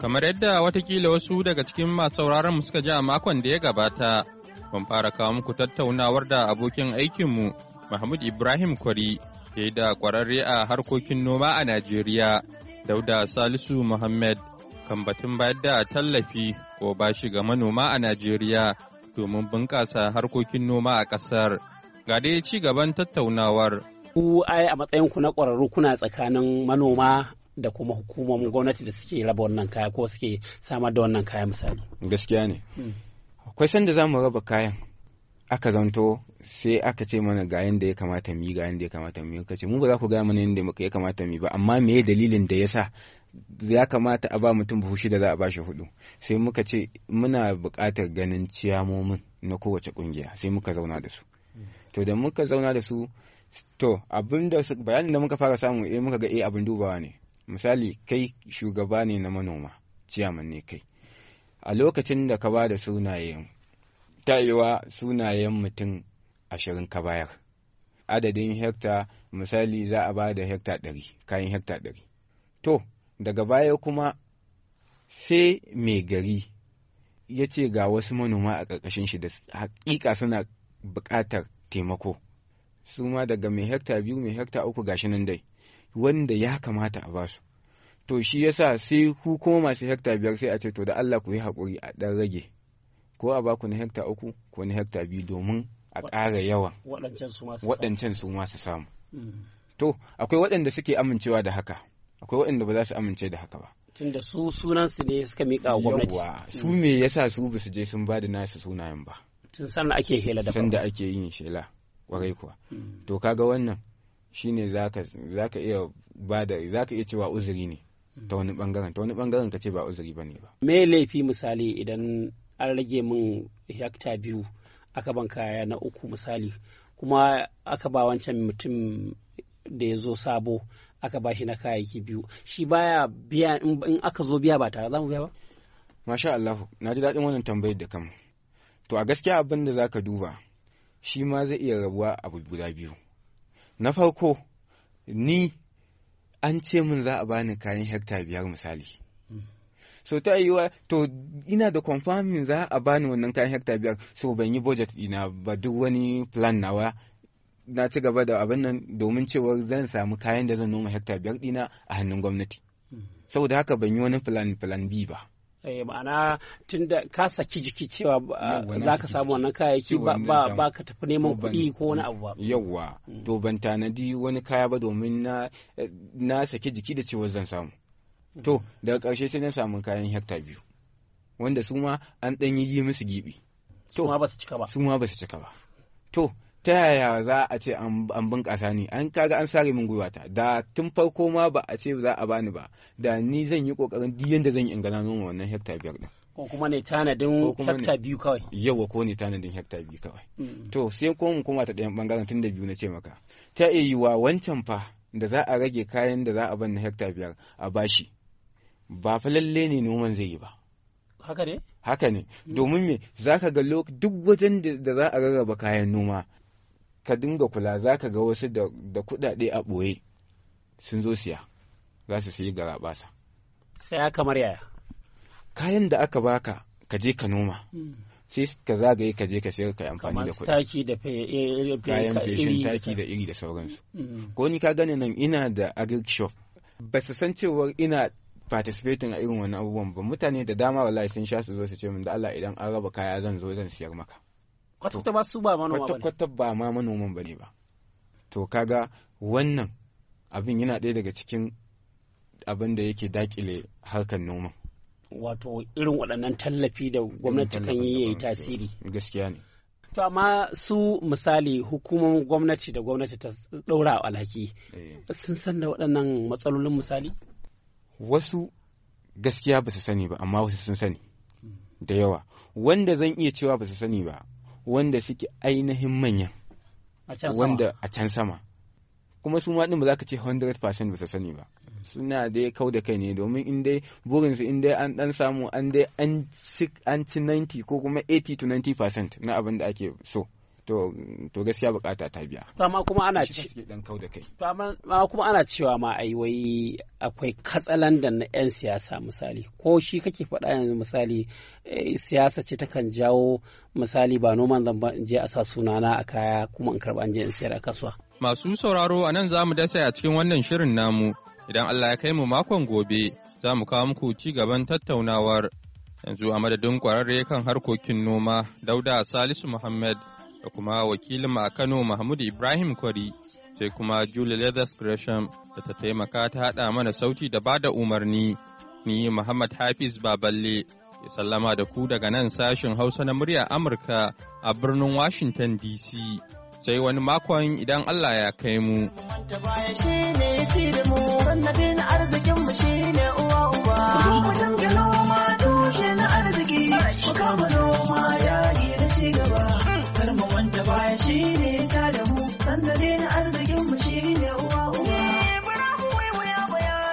Kamar yadda watakila wasu daga cikin masu sauraron mu suka ji a makon da ya gabata, mun fara kawo muku tattaunawar da abokin aikinmu Mahmud Ibrahim Kwari ya yi da kwararre a harkokin noma a Najeriya, Dauda Salisu Muhammad kan batun bayar da tallafi ko bashi ga manoma a Najeriya domin bunƙasa harkokin noma a ƙasar. Ga dai ci gaban tattaunawar. ku ai a matsayin ku na kwararru kuna tsakanin manoma da kuma hukumomin gwamnati da suke raba wannan kaya ko suke samar da wannan kaya misali gaskiya ne hmm. akwai sanda za mu raba kayan aka zanto sai aka ce mana ga yanda ya kamata mu yi ga yanda ya kamata mu yi kace mu ba za ku gaya mana yanda ya kamata mu yi ba amma me dalilin da ya sa. ya kamata a ba mutum buhu shida za a ba shi hudu sai muka ce muna buƙatar ganin ciyamomin na kowace kungiya sai muka zauna da su hmm. to da muka zauna da su to abin bayanin da muka fara samu eh muka ga eh abin dubawa ne misali kai shugaba ne na manoma ciyaman ne kai a lokacin da ka ba da sunayen tayewa sunayen mutum ashirin ka bayar adadin hekta misali za a ba da hekta ɗari kayan hekta ɗari to daga baya kuma sai mai gari ya ce ga wasu manoma a ƙarƙashin shi da haƙiƙa suna buƙatar taimako su ma daga mai hekta biyu mai hekta uku gashi nan dai wanda ya kamata a basu to shi yasa sai ku kuma masu hekta biyar sai a ce to da Allah ku yi haƙuri a ɗan rage ko a baku na hekta uku ko na hekta biyu domin a ƙara yawa waɗancan su masu samu mm. to akwai waɗanda suke amincewa da haka akwai waɗanda ba za su amince da haka ba tunda su sunan su ne suka miƙa wa gwamnati yawa su me yasa su ba su je sun ba da nasu sunayen ba tun san ake hela da tun da ake yin shela kwarai kuwa mm. to kaga wannan shine za ka iya bada zaka iya cewa uzuri ne ta wani bangaren ta wani bangaren ka ce ba uzuri ba ne ba me laifi misali idan an rage min hekta biyu aka ban kaya na uku misali kuma aka ba wancan mutum da ya zo sabo aka ba shi na kayayyaki biyu shi baya biya in aka zo biya ba tare za mu biya ba masha Allah na ji daɗin wannan tambayar da kama to a gaskiya abin da zaka duba shi ma zai iya rabuwa abu guda biyu na farko ni an ce min za a bani kayan hekta biyar misali hmm. so ta wa to ina da confirming za a bani wannan kayan hekta biyar so ban yi budget ina ba duk wani plan nawa na ci gaba da abin nan domin cewar zan samu kayan da zan noma hekta biyar dina a hannun gwamnati hmm. saboda haka ban yi wani plan plan B ba Eh, ma'ana tun da ka saki jiki cewa eh, za ka samu wannan kayayyaki ba ka tafi neman kuɗi ko wani abu ba yawwa mm. to ban tanadi wani kaya ba domin na eh, saki jiki da cewa zan samu mm. to daga ƙarshe sai na samu kayan hekta biyu wanda su ma an ɗan yi musu gibi su ma ba su cika ba su ma ba su cika ba to ta yaya za a ce an bunƙasa ni an kaga an sare min gwiwata da tun farko ma ba a ce za a bani ba da ni zan yi ƙoƙarin duk yanda zan yi ingana gana noma wannan hekta biyar ɗin. ko kuma ne tanadin hekta biyu kawai yawa ko ne tanadin hekta biyu kawai to sai ko mun koma ta ɗayan ɓangaren tun da biyu na ce maka ta iya wa wancan fa da za a rage kayan da za a ban na hekta biyar a bashi ba fa lalle ne noman zai yi ba haka ne haka ne mm. domin me za ka ga duk wajen da za a rarraba kayan noma ka dinga kula za ka ga wasu da kuɗaɗe a ɓoye sun zo siya za su sayi garaɓasa. Saya kamar yaya? Kayan da aka baka ka je ka noma. Hmm. Sai ka zagaye ka je ka sayar ka amfani da kuɗi. Kamar taki da e, e, e, kayan feshin taki da iri da sauransu. Hmm. Ko ni ka gane nan ina da agric shop. Ba su san cewar ina participating a irin wani abubuwan ba mutane da dama wallahi sun sha su zo su ce min da Allah idan an raba kaya zan zo zan siyar maka. kwata ba su ba manoma kwata-kwata ba ma manoman bane ba to kaga wannan abin yana ɗaya daga cikin abin da yake dakile harkar noma wato irin waɗannan tallafi da gwamnati kan yi yayi tasiri gaskiya ne to amma su misali hukumar gwamnati da gwamnati ta ɗaura alhaki eh. sun san da waɗannan matsalolin misali wasu gaskiya ba su sani ba amma wasu sun sani hmm. da yawa wanda zan iya cewa ba su sani ba wanda suke ainihin manya wanda a can sama kuma su ma din ba za ka ce 100% ba su sani ba suna dai kau da kai ne domin in dai burinsu in dai an dan samu an dai an ci 90 ko kuma 80 to 90% na abin da ake so to gaskiya bukata ta biya to amma kuma ana ci dan kau da kai to amma kuma ana cewa ma ai wai akwai katsalan da na yan siyasa misali ko shi kake faɗa yanzu misali eh, siyasa ce takan jawo misali ba noman zan in je a sa sunana a kaya kuma in karba an je in sayar a kasuwa masu sauraro a nan za mu dasa a cikin wannan shirin namu idan Allah ya kai mu makon gobe za mu kawo muku ci gaban tattaunawar yanzu a madadin kwararre kan harkokin noma dauda salisu muhammad da kuma wakilin a Kano Mahmud Ibrahim Kwari sai kuma Julie Leathers Gresham da ta taimaka ta haɗa mana sauti da ba da umarni. Ni Muhammad Hafiz Baballe ya sallama da ku daga nan sashen Hausa na murya Amurka a birnin Washington DC. Sai wani makon idan Allah ya kai mu. uwa uba. arziki.